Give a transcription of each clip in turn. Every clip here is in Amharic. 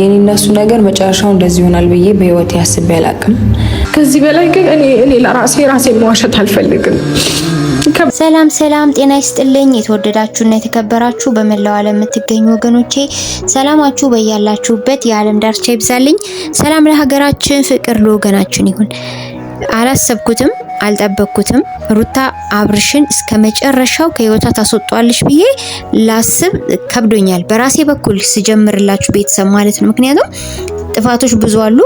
የኔ እነሱ ነገር መጨረሻው እንደዚህ ይሆናል ብዬ በህይወት ያስቤ አላቅም። ከዚህ በላይ ግን እኔ እኔ ለራሴ ራሴ መዋሸት አልፈልግም። ሰላም ሰላም፣ ጤና ይስጥልኝ የተወደዳችሁና የተከበራችሁ በመላው ዓለም የምትገኙ ወገኖቼ ሰላማችሁ በያላችሁበት የዓለም ዳርቻ ይብዛልኝ። ሰላም ለሀገራችን፣ ፍቅር ለወገናችን ይሁን። አላሰብኩትም፣ አልጠበቅኩትም። ሩታ አብርሽን እስከ መጨረሻው ከህይወቷ ታስወጧለች ብዬ ላስብ ከብዶኛል። በራሴ በኩል ስጀምርላችሁ ቤተሰብ ማለት ነው። ምክንያቱም ጥፋቶች ብዙ አሉ።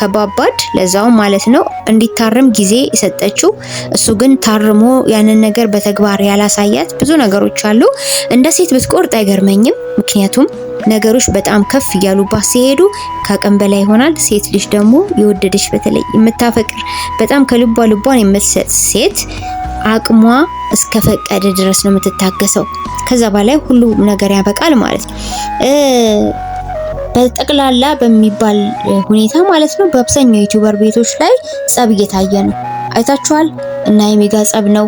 ከባባድ ለዛው ማለት ነው እንዲታረም ጊዜ የሰጠችው እሱ ግን ታርሞ ያንን ነገር በተግባር ያላሳያት ብዙ ነገሮች አሉ። እንደ ሴት ብትቆርጥ አይገርመኝም። ምክንያቱም ነገሮች በጣም ከፍ እያሉባት ሲሄዱ ከአቅም በላይ ይሆናል። ሴት ልጅ ደግሞ የወደደች በተለይ የምታፈቅር በጣም ከልቧ ልቧን የምትሰጥ ሴት አቅሟ እስከፈቀደ ድረስ ነው የምትታገሰው። ከዛ በላይ ሁሉ ነገር ያበቃል ማለት ነው። በጠቅላላ በሚባል ሁኔታ ማለት ነው በአብዛኛው ዩቲዩበር ቤቶች ላይ ጸብ እየታየ ነው። አይታችኋል። እና የሜጋ ጸብ ነው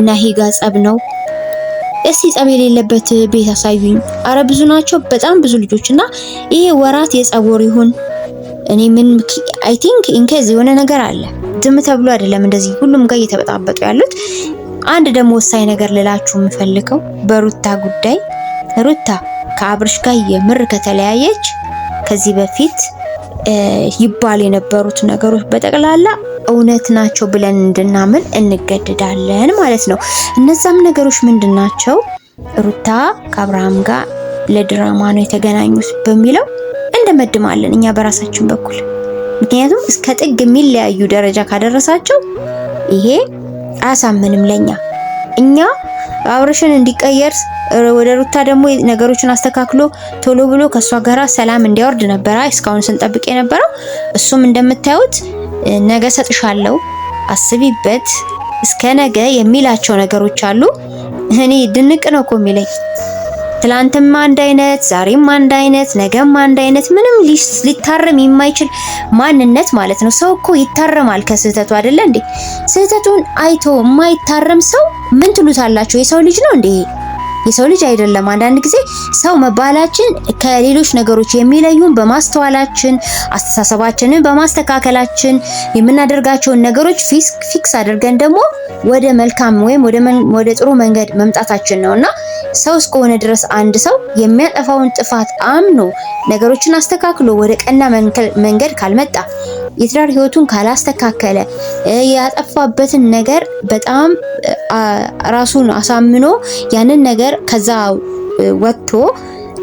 እና ሄጋ ጸብ ነው። እስቲ ጸብ የሌለበት ቤት አሳዩኝ። አረ ብዙ ናቸው፣ በጣም ብዙ ልጆች እና ይሄ ወራት የጸብ ወር ይሁን እኔ ምን አይ ቲንክ ኢንኬዝ የሆነ ነገር አለ። ዝም ተብሎ አይደለም እንደዚህ ሁሉም ጋር እየተበጣበጡ ያሉት። አንድ ደግሞ ወሳኝ ነገር ልላችሁ የምፈልገው በሩታ ጉዳይ ሩታ ከአብርሽ ጋር የምር ከተለያየች ከዚህ በፊት ይባል የነበሩት ነገሮች በጠቅላላ እውነት ናቸው ብለን እንድናምን እንገደዳለን ማለት ነው። እነዛም ነገሮች ምንድን ናቸው? ሩታ ከአብርሃም ጋር ለድራማ ነው የተገናኙት በሚለው እንደመድማለን እኛ በራሳችን በኩል ምክንያቱም እስከ ጥግ የሚለያዩ ደረጃ ካደረሳቸው ይሄ አያሳምንም ለኛ እኛ አብርሽን እንዲቀየር ወደ ሩታ ደግሞ ነገሮችን አስተካክሎ ቶሎ ብሎ ከሷ ጋራ ሰላም እንዲያወርድ ነበረ እስካሁን ስንጠብቅ የነበረው። እሱም እንደምታዩት ነገ ሰጥሻለሁ፣ አስቢበት፣ እስከ ነገ የሚላቸው ነገሮች አሉ። እኔ ድንቅ ነው እኮ የሚለኝ ትላንትም አንድ አይነት፣ ዛሬም አንድ አይነት፣ ነገም አንድ አይነት ምንም ሊታረም የማይችል ማንነት ማለት ነው። ሰው እኮ ይታረማል ከስህተቱ አይደለ እንዴ? ስህተቱን አይቶ የማይታረም ሰው ምን ትሉታላችሁ? የሰው ልጅ ነው እንዴ? የሰው ልጅ አይደለም። አንዳንድ ጊዜ ሰው መባላችን ከሌሎች ነገሮች የሚለዩን በማስተዋላችን፣ አስተሳሰባችንን በማስተካከላችን፣ የምናደርጋቸውን ነገሮች ፊክስ አድርገን ደግሞ ወደ መልካም ወይም ወደ ጥሩ መንገድ መምጣታችን ነው እና ሰው እስከሆነ ድረስ አንድ ሰው የሚያጠፋውን ጥፋት አምኖ ነገሮችን አስተካክሎ ወደ ቀና መንገድ ካልመጣ የትዳር ህይወቱን ካላስተካከለ ያጠፋበትን ነገር በጣም ራሱን አሳምኖ ያንን ነገር ከዛ ወጥቶ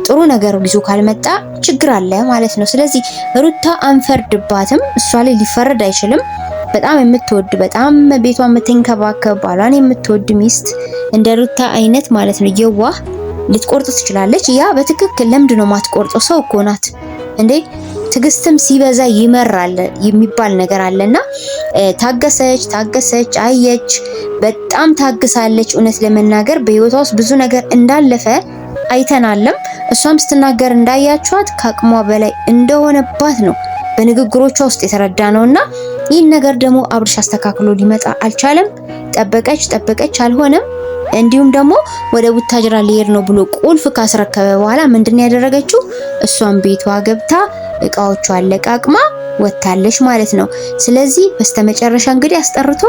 ጥሩ ነገር ይዞ ካልመጣ ችግር አለ ማለት ነው። ስለዚህ ሩታ አንፈርድባትም፣ እሷ ላይ ሊፈረድ አይችልም። በጣም የምትወድ በጣም ቤቷ የምትንከባከብ ባሏን የምትወድ ሚስት እንደ ሩታ አይነት ማለት ነው የዋህ ልትቆርጥ ትችላለች። ያ በትክክል ለምንድን ነው የማትቆርጠው ሰው እኮ ናት እንዴ ትዕግስትም ሲበዛ ይመራል የሚባል ነገር አለና ታገሰች ታገሰች አየች፣ በጣም ታግሳለች። እውነት ለመናገር በህይወቷ ውስጥ ብዙ ነገር እንዳለፈ አይተናለም። እሷም ስትናገር እንዳያችኋት ከአቅሟ በላይ እንደሆነባት ነው በንግግሮቿ ውስጥ የተረዳ ነውና ይህን ነገር ደግሞ አብርሽ አስተካክሎ ሊመጣ አልቻለም። ጠበቀች ጠበቀች፣ አልሆነም። እንዲሁም ደግሞ ወደ ቡታጅራ ሊሄድ ነው ብሎ ቁልፍ ካስረከበ በኋላ ምንድን ያደረገችው እሷም ቤቷ ገብታ እቃዎቿ አለቃቅማ ወታለች ማለት ነው። ስለዚህ በስተመጨረሻ እንግዲህ አስጠርቶ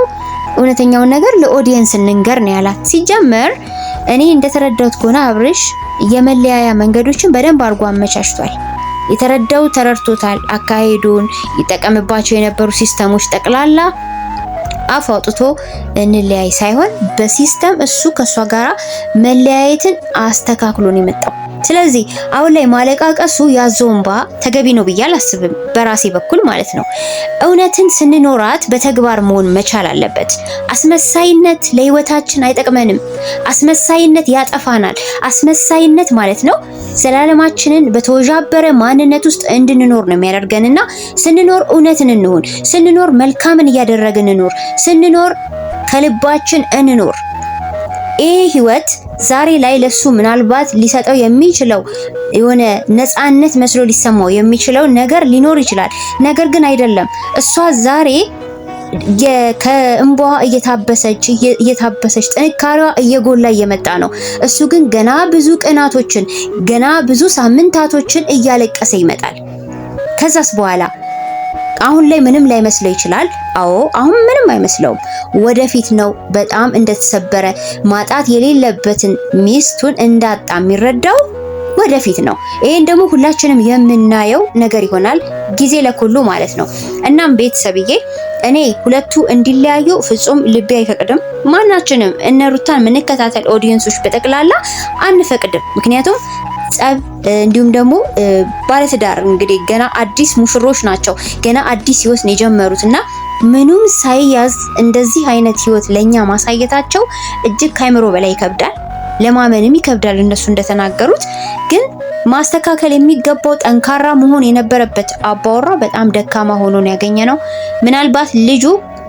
እውነተኛውን ነገር ለኦዲየንስ እንንገር ነው ያላት። ሲጀመር እኔ እንደተረዳሁት ከሆነ አብርሽ የመለያያ መንገዶችን በደንብ አድርጎ አመቻችቷል። የተረዳው ተረድቶታል። አካሄዱን ይጠቀምባቸው የነበሩ ሲስተሞች ጠቅላላ አፍ አውጥቶ እንለያይ ሳይሆን በሲስተም እሱ ከእሷ ጋራ መለያየትን አስተካክሎ ነው የመጣው። ስለዚህ አሁን ላይ ማለቃቀሱ ያዞንባ ተገቢ ነው ብዬ አላስብም፣ በራሴ በኩል ማለት ነው። እውነትን ስንኖራት በተግባር መሆን መቻል አለበት። አስመሳይነት ለህይወታችን አይጠቅመንም። አስመሳይነት ያጠፋናል። አስመሳይነት ማለት ነው ዘላለማችንን በተወዣበረ ማንነት ውስጥ እንድንኖር ነው የሚያደርገንና ስንኖር እውነትን እንሆን፣ ስንኖር መልካምን እያደረግን እንኖር፣ ስንኖር ከልባችን እንኖር። ይህ ህይወት ዛሬ ላይ ለሱ ምናልባት ሊሰጠው የሚችለው የሆነ ነፃነት መስሎ ሊሰማው የሚችለው ነገር ሊኖር ይችላል። ነገር ግን አይደለም እሷ ዛሬ ከእንባዋ እየታበሰች እየታበሰች ጥንካሬዋ እየጎላ እየመጣ ነው። እሱ ግን ገና ብዙ ቀናቶችን ገና ብዙ ሳምንታቶችን እያለቀሰ ይመጣል። ከዛስ በኋላ አሁን ላይ ምንም ላይመስለው ይችላል። አዎ አሁን ምንም አይመስለውም። ወደፊት ነው በጣም እንደተሰበረ ማጣት የሌለበትን ሚስቱን እንዳጣ የሚረዳው ወደፊት ነው። ይሄን ደግሞ ሁላችንም የምናየው ነገር ይሆናል። ጊዜ ለኩሉ ማለት ነው። እናም ቤተሰብዬ እኔ ሁለቱ እንዲለያዩ ፍጹም ልቤ አይፈቅድም። ማናችንም እነ ሩታን የምንከታተል ኦዲየንሶች በጠቅላላ አንፈቅድም። ምክንያቱም ጸብ እንዲሁም ደግሞ ባለትዳር እንግዲህ ገና አዲስ ሙሽሮች ናቸው። ገና አዲስ ህይወት ነው የጀመሩት እና ምንም ሳይያዝ እንደዚህ አይነት ህይወት ለኛ ማሳየታቸው እጅግ ከአይምሮ በላይ ይከብዳል። ለማመንም ይከብዳል። እነሱ እንደተናገሩት ግን ማስተካከል የሚገባው ጠንካራ መሆን የነበረበት አባወራ በጣም ደካማ ሆኖ ነው ያገኘ ነው። ምናልባት ልጁ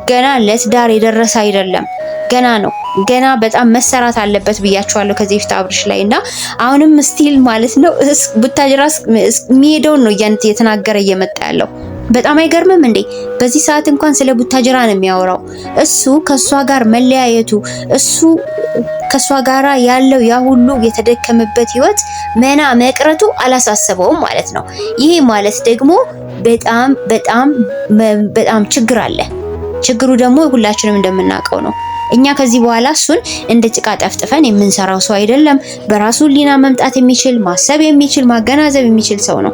ገና ለትዳር የደረሰ አይደለም። ገና ነው። ገና በጣም መሰራት አለበት ብያቸዋለሁ ከዚህ በፊት አብርሽ ላይ እና አሁንም ስቲል ማለት ነው ቡታጅራ የሚሄደውን ነው እየተናገረ እየመጣ ያለው። በጣም አይገርምም እንዴ? በዚህ ሰዓት እንኳን ስለ ቡታጅራ ነው የሚያወራው። እሱ ከእሷ ጋር መለያየቱ እሱ ከእሷ ጋራ ያለው ያ ሁሉ የተደከመበት ህይወት መና መቅረቱ አላሳሰበውም ማለት ነው። ይሄ ማለት ደግሞ በጣም በጣም በጣም ችግር አለ። ችግሩ ደግሞ ሁላችንም እንደምናውቀው ነው። እኛ ከዚህ በኋላ እሱን እንደ ጭቃ ጠፍጥፈን የምንሰራው ሰው አይደለም። በራሱ ሊና መምጣት የሚችል ማሰብ የሚችል ማገናዘብ የሚችል ሰው ነው።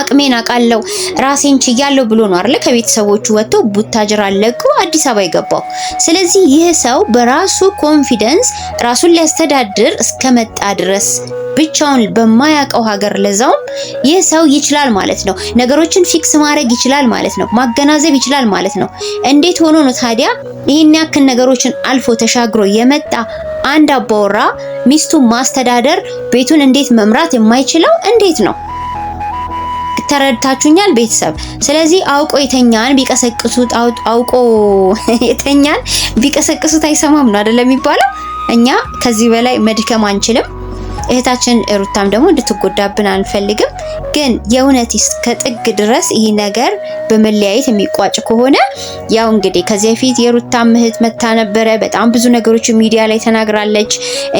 አቅሜን አውቃለሁ ራሴን ችያለሁ ብሎ ነው አይደለ ከቤተሰቦቹ ወጥቶ ቡታጅራ ለቆ አዲስ አበባ የገባው። ስለዚህ ይህ ሰው በራሱ ኮንፊደንስ ራሱን ሊያስተዳድር እስከመጣ ድረስ ብቻውን በማያውቀው ሀገር ለዛውም ይህ ሰው ይችላል ማለት ነው። ነገሮችን ፊክስ ማድረግ ይችላል ማለት ነው። ማገናዘብ ይችላል ማለት ነው። እንዴት ሆኖ ነው ታዲያ ይህን ያክል ነገሮችን አልፎ ተሻግሮ የመጣ አንድ አባወራ ሚስቱን ማስተዳደር ቤቱን እንዴት መምራት የማይችለው እንዴት ነው? ተረድታችሁኛል ቤተሰብ። ስለዚህ አውቆ የተኛን ቢቀሰቅሱት አውቆ የተኛን ቢቀሰቅሱት አይሰማም ነው አይደለም የሚባለው። እኛ ከዚህ በላይ መድከም አንችልም። እህታችን ሩታም ደግሞ እንድትጎዳብን አንፈልግም። ግን የእውነት እስከ ጥግ ድረስ ይህ ነገር በመለያየት የሚቋጭ ከሆነ ያው እንግዲህ ከዚህ በፊት የሩታም እህት መታ ነበረ። በጣም ብዙ ነገሮች ሚዲያ ላይ ተናግራለች።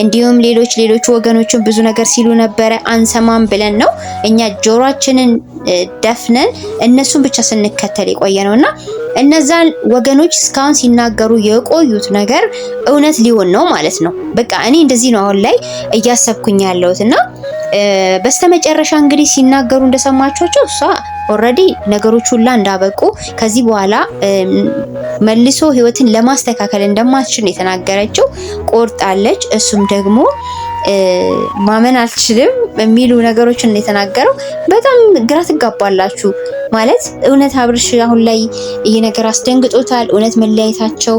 እንዲሁም ሌሎች ሌሎች ወገኖችን ብዙ ነገር ሲሉ ነበረ። አንሰማም ብለን ነው እኛ ጆሯችንን ደፍነን እነሱን ብቻ ስንከተል የቆየ ነው እና እነዛን ወገኖች እስካሁን ሲናገሩ የቆዩት ነገር እውነት ሊሆን ነው ማለት ነው። በቃ እኔ እንደዚህ ነው አሁን ላይ እያሰብኩኝ ያለሁት እና በስተመጨረሻ እንግዲህ ሲናገሩ እንደሰማችኋቸው እሷ ኦልሬዲ ነገሮች ሁላ እንዳበቁ ከዚህ በኋላ መልሶ ህይወትን ለማስተካከል እንደማትችል ነው የተናገረችው። ቆርጣለች። እሱም ደግሞ ማመን አልችልም በሚሉ ነገሮችን እንደተናገረው የተናገረው። በጣም ግራ ትጋባላችሁ ማለት እውነት አብርሽ አሁን ላይ ይሄ ነገር አስደንግጦታል፣ እውነት መለያየታቸው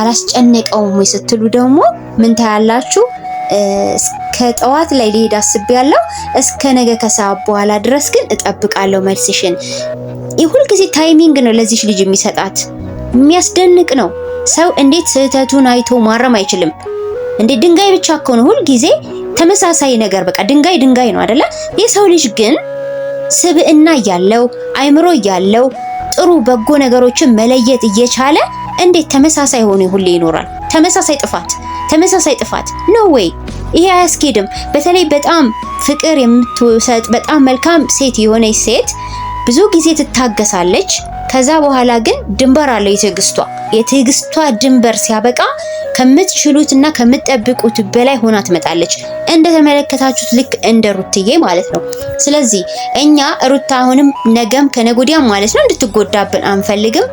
አላስጨነቀውም ወይ ስትሉ ደግሞ ምን ታያላችሁ? ከጠዋት ላይ ሊሄድ ያለው እስከ ነገ ከሰዓት በኋላ ድረስ ግን እጠብቃለሁ መልስሽን። ጊዜ ታይሚንግ ነው ለዚች ልጅ የሚሰጣት። የሚያስደንቅ ነው። ሰው እንዴት ስህተቱን አይቶ ማረም አይችልም? እንዴ ድንጋይ ብቻ ከሆነ ነው ጊዜ ተመሳሳይ ነገር በቃ ድንጋይ ድንጋይ ነው አይደለ? የሰው ልጅ ግን ስብዕና ያለው አይምሮ እያለው ጥሩ በጎ ነገሮችን መለየት እየቻለ እንዴት ተመሳሳይ ሆኖ ሁሌ ይኖራል? ተመሳሳይ ጥፋት ተመሳሳይ ጥፋት ነው ወይ? ይሄ አያስኬድም። በተለይ በጣም ፍቅር የምትሰጥ በጣም መልካም ሴት የሆነች ሴት ብዙ ጊዜ ትታገሳለች። ከዛ በኋላ ግን ድንበር አለው የትዕግስቷ። የትዕግስቷ ድንበር ሲያበቃ ከምትችሉት እና ከምትጠብቁት በላይ ሆና ትመጣለች። እንደተመለከታችሁት ልክ እንደ ሩትዬ ማለት ነው። ስለዚህ እኛ ሩታ አሁንም ነገም ከነጎዲያ ማለት ነው እንድትጎዳብን አንፈልግም።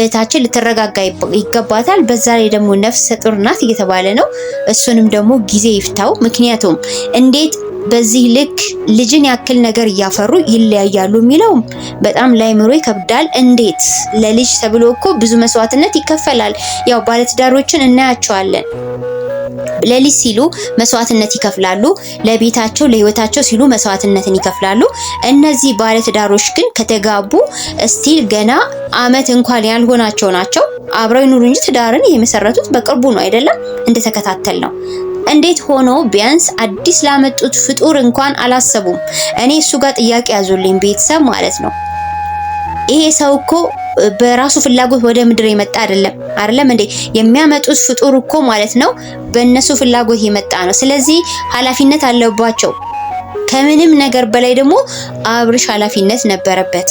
እህታችን ልትረጋጋ ይገባታል። በዛ ላይ ደግሞ ነፍሰ ጡር ናት እየተባለ ነው። እሱንም ደግሞ ጊዜ ይፍታው። ምክንያቱም እንዴት በዚህ ልክ ልጅን ያክል ነገር እያፈሩ ይለያያሉ የሚለውም በጣም ላይምሮ ይከብዳል። እንዴት ለልጅ ተብሎ እኮ ብዙ መስዋዕትነት ይከፈላል። ያው ባለትዳሮችን እናያቸዋለን። ለሊት ሲሉ መስዋዕትነት ይከፍላሉ። ለቤታቸው ለህይወታቸው ሲሉ መስዋዕትነትን ይከፍላሉ። እነዚህ ባለትዳሮች ግን ከተጋቡ እስቲል ገና አመት እንኳን ያልሆናቸው ናቸው። አብረው ይኑሩ እንጂ ትዳርን የመሰረቱት በቅርቡ ነው አይደለም? እንደተከታተል ነው። እንዴት ሆኖ ቢያንስ አዲስ ላመጡት ፍጡር እንኳን አላሰቡም። እኔ እሱ ጋር ጥያቄ ያዙልኝ ቤተሰብ ማለት ነው። ይሄ ሰው እኮ በራሱ ፍላጎት ወደ ምድር የመጣ አይደለም። አይደለም እንዴ የሚያመጡት ፍጡር እኮ ማለት ነው በእነሱ ፍላጎት የመጣ ነው። ስለዚህ ኃላፊነት አለባቸው። ከምንም ነገር በላይ ደግሞ አብርሽ ኃላፊነት ነበረበት።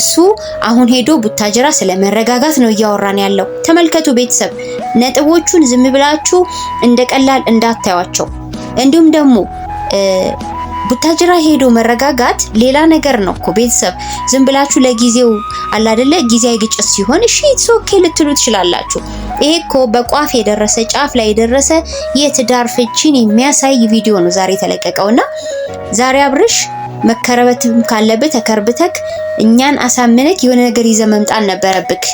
እሱ አሁን ሄዶ ቡታጅራ ስለመረጋጋት ነው እያወራን ያለው። ተመልከቱ ቤተሰብ፣ ነጥቦቹን ዝም ብላችሁ እንደ ቀላል እንዳታዩቸው። እንዲሁም ደግሞ ቡታጅራ ሄዶ መረጋጋት ሌላ ነገር ነው እኮ ቤተሰብ። ዝም ብላችሁ ለጊዜው አላደለ ጊዜያዊ ግጭት ሲሆን እሺ ኢትስ ኦኬ ልትሉ ትችላላችሁ። ይሄ እኮ በቋፍ የደረሰ ጫፍ ላይ የደረሰ የትዳር ፍቺን የሚያሳይ ቪዲዮ ነው ዛሬ የተለቀቀውና ዛሬ አብርሽ መከረበትም ካለብህ ተከርብተክ እኛን አሳምነክ የሆነ ነገር ይዘ መምጣት ነበረብክ።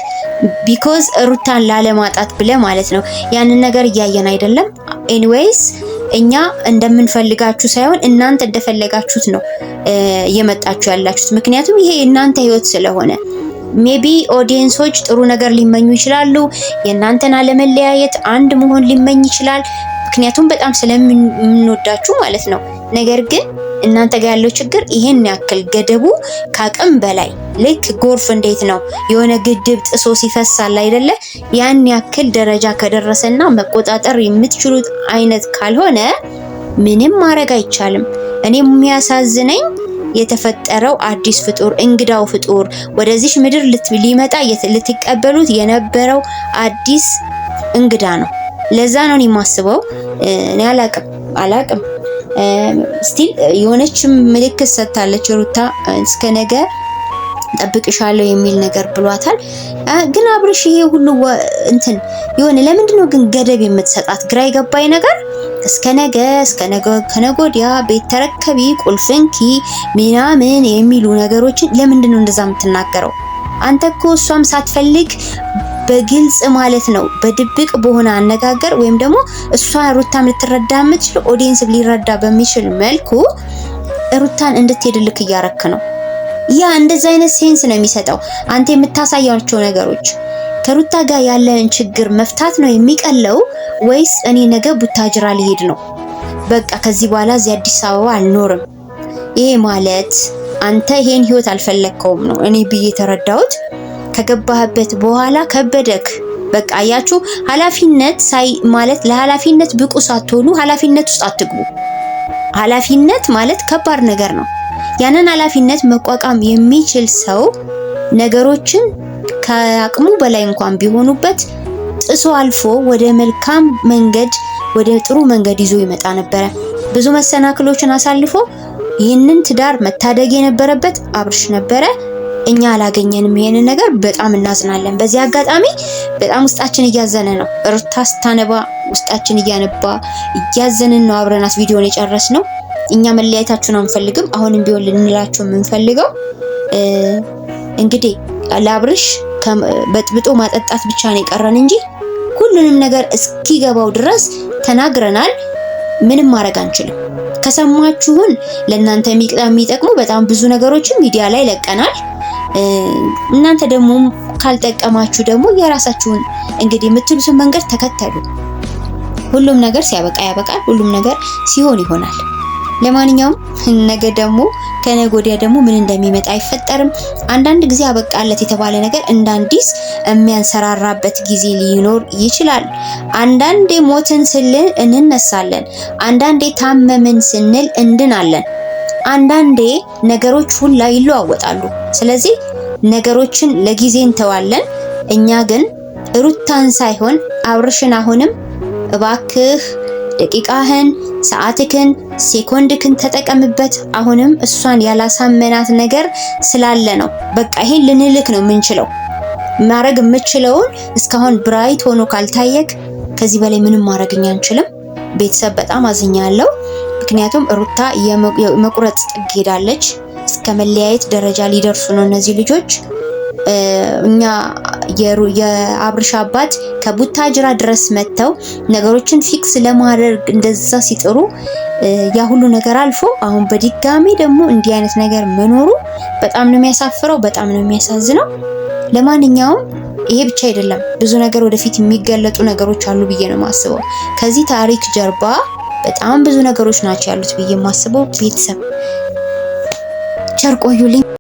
ቢኮዝ ሩታን ላለማጣት ብለ ማለት ነው። ያንን ነገር እያየን አይደለም። ኤኒዌይስ እኛ እንደምንፈልጋችሁ ሳይሆን እናንተ እንደፈለጋችሁት ነው እየመጣችሁ ያላችሁት። ምክንያቱም ይሄ የእናንተ ህይወት ስለሆነ ሜቢ ኦዲየንሶች ጥሩ ነገር ሊመኙ ይችላሉ። የእናንተን አለመለያየት፣ አንድ መሆን ሊመኝ ይችላል። ምክንያቱም በጣም ስለምንወዳችሁ ማለት ነው። ነገር ግን እናንተ ጋር ያለው ችግር ይሄን ያክል ገደቡ ከአቅም በላይ ልክ ጎርፍ እንዴት ነው የሆነ ግድብ ጥሶ ሲፈሳል አይደለ? ያን ያክል ደረጃ ከደረሰና መቆጣጠር የምትችሉት አይነት ካልሆነ ምንም ማድረግ አይቻልም። እኔ የሚያሳዝነኝ የተፈጠረው አዲስ ፍጡር እንግዳው ፍጡር ወደዚች ምድር ሊመጣ ልትቀበሉት የነበረው አዲስ እንግዳ ነው። ለዛ ነው የማስበው። እኔ አላቅም አላቅም ስቲል የሆነችም ምልክት ሰጥታለች ሩታ እስከ ነገ ጠብቅሻለሁ የሚል ነገር ብሏታል። ግን አብርሽ ይሄ ሁሉ እንትን የሆነ ለምንድን ነው ግን ገደብ የምትሰጣት? ግራ የገባኝ ነገር እስከ ነገ እስከ ነገ ከነጎዲያ ቤት ተረከቢ ቁልፍንኪ ምናምን የሚሉ ነገሮችን ለምንድን ነው እንደዛ የምትናገረው? አንተ እኮ እሷም ሳትፈልግ በግልጽ ማለት ነው፣ በድብቅ በሆነ አነጋገር ወይም ደግሞ እሷ ሩታም ልትረዳ የምትችል ኦዲየንስ ሊረዳ በሚችል መልኩ ሩታን እንድትሄድልክ እያረክ ነው። ያ እንደዚህ አይነት ሴንስ ነው የሚሰጠው አንተ የምታሳያቸው ነገሮች ከሩታ ጋር ያለን ችግር መፍታት ነው የሚቀለው ወይስ እኔ ነገ ቡታጅራ ሊሄድ ነው፣ በቃ ከዚህ በኋላ እዚህ አዲስ አበባ አልኖርም። ይሄ ማለት አንተ ይሄን ህይወት አልፈለግከውም ነው እኔ ብዬ ተረዳውት ከገባህበት በኋላ ከበደክ። በቃ አያችሁ፣ ኃላፊነት ሳይ ማለት ለኃላፊነት ብቁ ሳትሆኑ ኃላፊነት ውስጥ አትግቡ። ኃላፊነት ማለት ከባድ ነገር ነው። ያንን ኃላፊነት መቋቋም የሚችል ሰው ነገሮችን ከአቅሙ በላይ እንኳን ቢሆኑበት ጥሶ አልፎ ወደ መልካም መንገድ ወደ ጥሩ መንገድ ይዞ ይመጣ ነበረ። ብዙ መሰናክሎችን አሳልፎ ይህንን ትዳር መታደግ የነበረበት አብርሽ ነበረ። እኛ አላገኘንም። ይሄንን ነገር በጣም እናዝናለን። በዚህ አጋጣሚ በጣም ውስጣችን እያዘነ ነው። እርታ ስታነባ ውስጣችን እያነባ እያዘንን ነው። አብረናት ቪዲዮን የጨረስ ነው። እኛ መለያየታችሁን አንፈልግም። አሁንም ቢሆን ልንላችሁ የምንፈልገው እንግዲህ ለአብርሽ በጥብጦ ማጠጣት ብቻ ነው የቀረን እንጂ ሁሉንም ነገር እስኪገባው ድረስ ተናግረናል። ምንም ማድረግ አንችልም። ከሰማችሁን ለእናንተ የሚጠቅሙ በጣም ብዙ ነገሮችን ሚዲያ ላይ ለቀናል። እናንተ ደግሞ ካልጠቀማችሁ ደግሞ የራሳችሁን እንግዲህ የምትሉትን መንገድ ተከተሉ። ሁሉም ነገር ሲያበቃ ያበቃል። ሁሉም ነገር ሲሆን ይሆናል። ለማንኛውም ነገ ደግሞ ከነገ ወዲያ ደግሞ ምን እንደሚመጣ አይፈጠርም። አንዳንድ ጊዜ አበቃለት የተባለ ነገር እንዳንዲስ የሚያንሰራራበት ጊዜ ሊኖር ይችላል። አንዳንዴ ሞትን ስንል እንነሳለን። አንዳንዴ ታመምን ስንል እንድናለን። አንዳንዴ ነገሮች ሁላ ይለዋወጣሉ። ስለዚህ ነገሮችን ለጊዜ እንተዋለን። እኛ ግን ሩታን ሳይሆን አብርሽን አሁንም እባክህ ደቂቃህን፣ ሰዓትክን፣ ሴኮንድክን ተጠቀምበት። አሁንም እሷን ያላሳመናት ነገር ስላለ ነው። በቃ ይሄን ልንልክ ነው የምንችለው። ማድረግ የምችለውን እስካሁን ብራይት ሆኖ ካልታየክ ከዚህ በላይ ምንም ማድረግኛ አንችልም። ቤተሰብ በጣም አዝኛለሁ። ምክንያቱም ሩታ የመቁረጥ ጥግ ሄዳለች። እስከ መለያየት ደረጃ ሊደርሱ ነው እነዚህ ልጆች። እኛ የአብርሻ አባት ከቡታጅራ ድረስ መጥተው ነገሮችን ፊክስ ለማድረግ እንደዛ ሲጥሩ ያ ሁሉ ነገር አልፎ አሁን በድጋሚ ደግሞ እንዲህ አይነት ነገር መኖሩ በጣም ነው የሚያሳፍረው፣ በጣም ነው የሚያሳዝነው። ለማንኛውም ይሄ ብቻ አይደለም፣ ብዙ ነገር ወደፊት የሚገለጡ ነገሮች አሉ ብዬ ነው የማስበው ከዚህ ታሪክ ጀርባ በጣም ብዙ ነገሮች ናቸው ያሉት ብዬ የማስበው ቤተሰብ ቸር ቆዩልኝ።